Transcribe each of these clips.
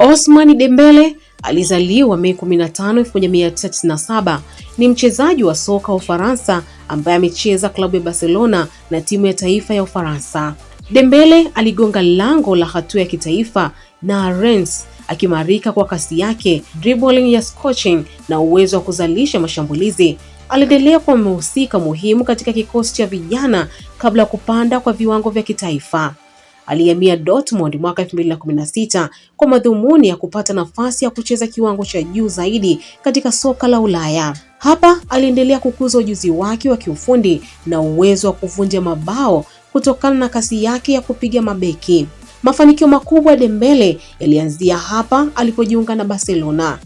Osman Dembele alizaliwa Mei 15, 1997. Ni mchezaji wa soka wa Ufaransa ambaye amecheza klabu ya Barcelona na timu ya taifa ya Ufaransa. Dembele aligonga lango la hatua ya kitaifa na Rennes akimarika kwa kasi yake, dribbling ya scorching na uwezo wa kuzalisha mashambulizi. Aliendelea kuwa mhusika muhimu katika kikosi cha vijana kabla ya kupanda kwa viwango vya kitaifa aliyehamia Dortmund mwaka 2016 kwa madhumuni ya kupata nafasi ya kucheza kiwango cha juu zaidi katika soka la Ulaya. Hapa aliendelea kukuza ujuzi wake wa kiufundi na uwezo wa kuvunja mabao kutokana na kasi yake ya kupiga mabeki. Mafanikio makubwa ya Dembele yalianzia hapa alipojiunga na Barcelona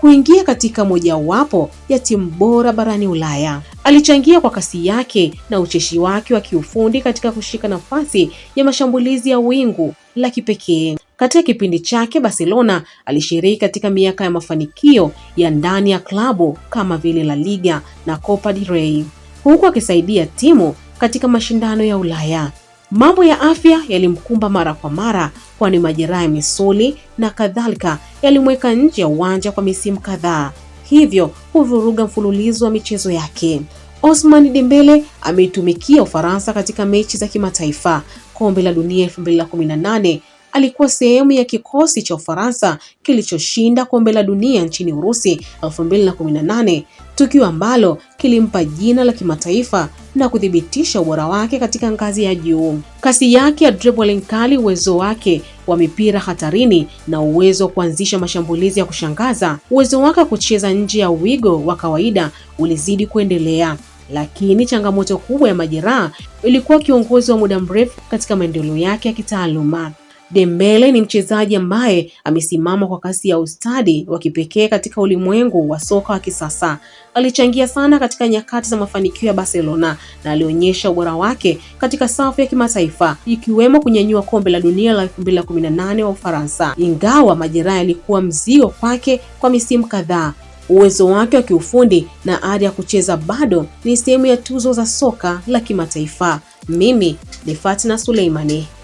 kuingia katika mojawapo ya timu bora barani Ulaya. Alichangia kwa kasi yake na ucheshi wake wa kiufundi katika kushika nafasi ya mashambulizi ya wingu la kipekee. Katika kipindi chake Barcelona alishiriki katika miaka ya mafanikio ya ndani ya klabu kama vile La Liga na Copa del Rey, huku akisaidia timu katika mashindano ya Ulaya. Mambo ya afya yalimkumba mara kwa mara, kwani majeraha ya misuli na kadhalika yalimweka nje ya uwanja kwa misimu kadhaa hivyo huvuruga mfululizo wa michezo yake. Osman Dembele ameitumikia Ufaransa katika mechi za kimataifa. Kombe la Dunia 2018 alikuwa sehemu ya kikosi cha Ufaransa kilichoshinda kombe la dunia nchini Urusi 2018, tukio ambalo kilimpa jina la kimataifa na kuthibitisha ubora wake katika ngazi ya juu. Kasi yake ya dribbling kali, uwezo wake wa mipira hatarini na uwezo wa kuanzisha mashambulizi ya kushangaza. Uwezo wake wa kucheza nje ya wigo wa kawaida ulizidi kuendelea, lakini changamoto kubwa ya majeraha ilikuwa kiongozi wa muda mrefu katika maendeleo yake ya kitaaluma. Dembele ni mchezaji ambaye amesimama kwa kasi ya ustadi wa kipekee katika ulimwengu wa soka wa kisasa. Alichangia sana katika nyakati za mafanikio ya Barcelona na alionyesha ubora wake katika safu ya kimataifa, ikiwemo kunyanyua kombe la dunia la 2018 wa Ufaransa. Ingawa majeraha yalikuwa mzigo kwake kwa misimu kadhaa, uwezo wake wa kiufundi na ari ya kucheza bado ni sehemu ya tuzo za soka la kimataifa. Mimi ni Fatna Suleimani.